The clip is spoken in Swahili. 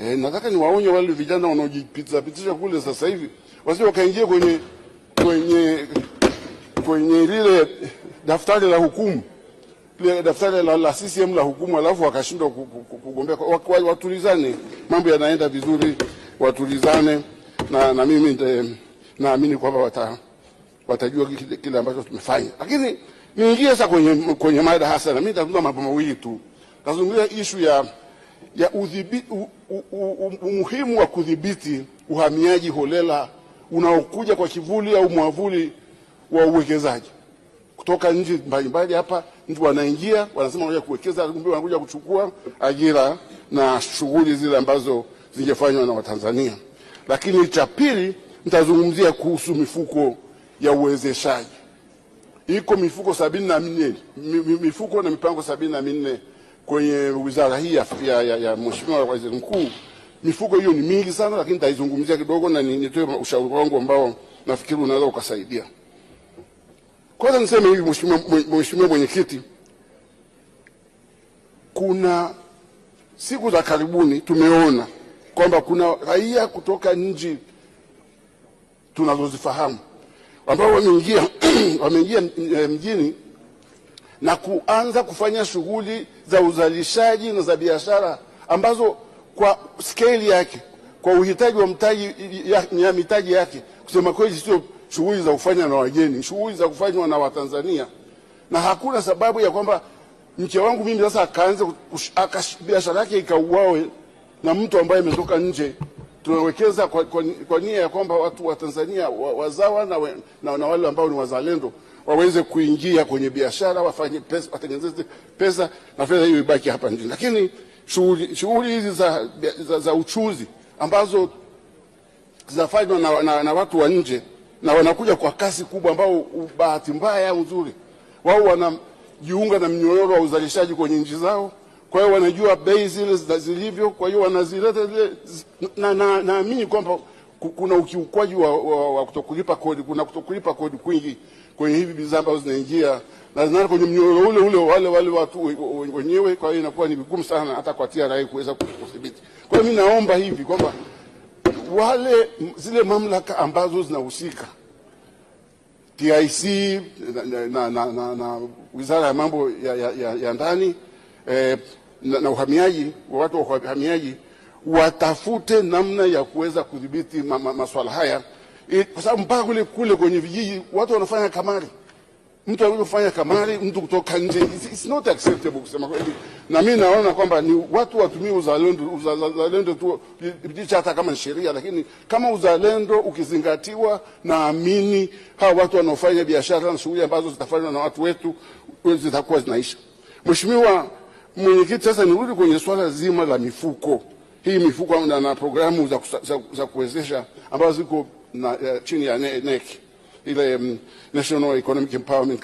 E, nataka niwaonye wale vijana pitisha kule sasa hivi wasije wakaingia kwenye, kwenye, kwenye lile daftari la hukumu lile daftari la, la CCM la hukumu alafu wakashindwa kugombea. Watulizane, mambo yanaenda vizuri, watulizane na, na mimi eh, naamini kwamba wata, watajua kile ambacho tumefanya, lakini niingie sasa kwenye, kwenye mada hasa, na mimi nitazungumza mambo mawili tu. Tazungumzia ishu ya, ya udhibiti umuhimu wa kudhibiti uhamiaji holela unaokuja kwa kivuli au mwavuli wa uwekezaji kutoka nchi mbalimbali. Hapa mtu wanaingia wanasema wanakuja kuwekeza, kumbe wanakuja kuchukua ajira na shughuli zile ambazo zingefanywa na Watanzania. Lakini cha pili, nitazungumzia kuhusu mifuko ya uwezeshaji. Iko mifuko sabini na minne, mifuko na mipango sabini na minne kwenye wizara hii ya, ya, ya, ya Mheshimiwa Waziri Mkuu, mifuko hiyo ni mingi sana, lakini nitaizungumzia kidogo na nitoe ushauri wangu ambao nafikiri unaweza ukasaidia. Kwanza niseme hivi, Mheshimiwa Mwenyekiti, kuna siku za karibuni tumeona kwamba kuna raia kutoka nchi tunazozifahamu ambao wameingia wameingia eh, mjini na kuanza kufanya shughuli za uzalishaji na za biashara ambazo kwa skeli yake, kwa uhitaji wa mtaji ya, ya mitaji yake, kusema kweli, sio shughuli za kufanya na wageni, shughuli za kufanywa na Watanzania, na hakuna sababu ya kwamba mke wangu mimi sasa akaanze biashara yake ikauawe na mtu ambaye ametoka nje. Tunawekeza kwa, kwa, kwa nia ya kwamba watu wa Tanzania wazawa na, na, na wale ambao ni wazalendo waweze kuingia kwenye biashara, wafanye pesa, watengeneze pesa na fedha hiyo ibaki hapa nchini. Lakini shughuli hizi za, za, za uchuzi ambazo zinafanywa na, na, na watu wa nje na wanakuja kwa kasi kubwa, ambao bahati mbaya au nzuri, wao wanajiunga na mnyororo wa uzalishaji kwenye nchi zao, kwa hiyo wanajua bei zile zilivyo, kwa hiyo wanazileta zile, naamini na, kwamba kuna ukiukwaji wa, wa, wa kutokulipa kodi, kuna kutokulipa kodi kwingi kwenye hivi bidhaa ambazo zinaingia na zinaenda kwenye mnyororo ule ule wale wale watu wenyewe. Kwa hiyo inakuwa ni vigumu sana hata kwa TRA kuweza kudhibiti. Kwa hiyo mimi naomba hivi kwamba wale zile mamlaka ambazo zinahusika TIC na, na, na, na wizara ya mambo ya, ya, ya, ya ndani eh, na, na uhamiaji, watu wa uhamiaji watafute namna ya kuweza kudhibiti ma, ma, maswala haya kwa sababu mpaka kule kule kwenye vijiji watu wanafanya kamari. Mtu anayofanya kamari, mtu kutoka nje, it's not acceptable kusema kweli, na mimi naona kwamba ni watu watumie uzalendo, uzalendo tu licha, hata kama ni sheria, lakini kama uzalendo ukizingatiwa, naamini hawa watu wanaofanya biashara na shughuli ambazo zitafanywa na watu wetu zitakuwa zinaisha. Mheshimiwa Mwenyekiti, sasa nirudi kwenye swala zima la mifuko hii mifuko na, na programu za, za, za kuwezesha ambazo ziko na, uh, chini ya NEC e ile um, National Economic Empowerment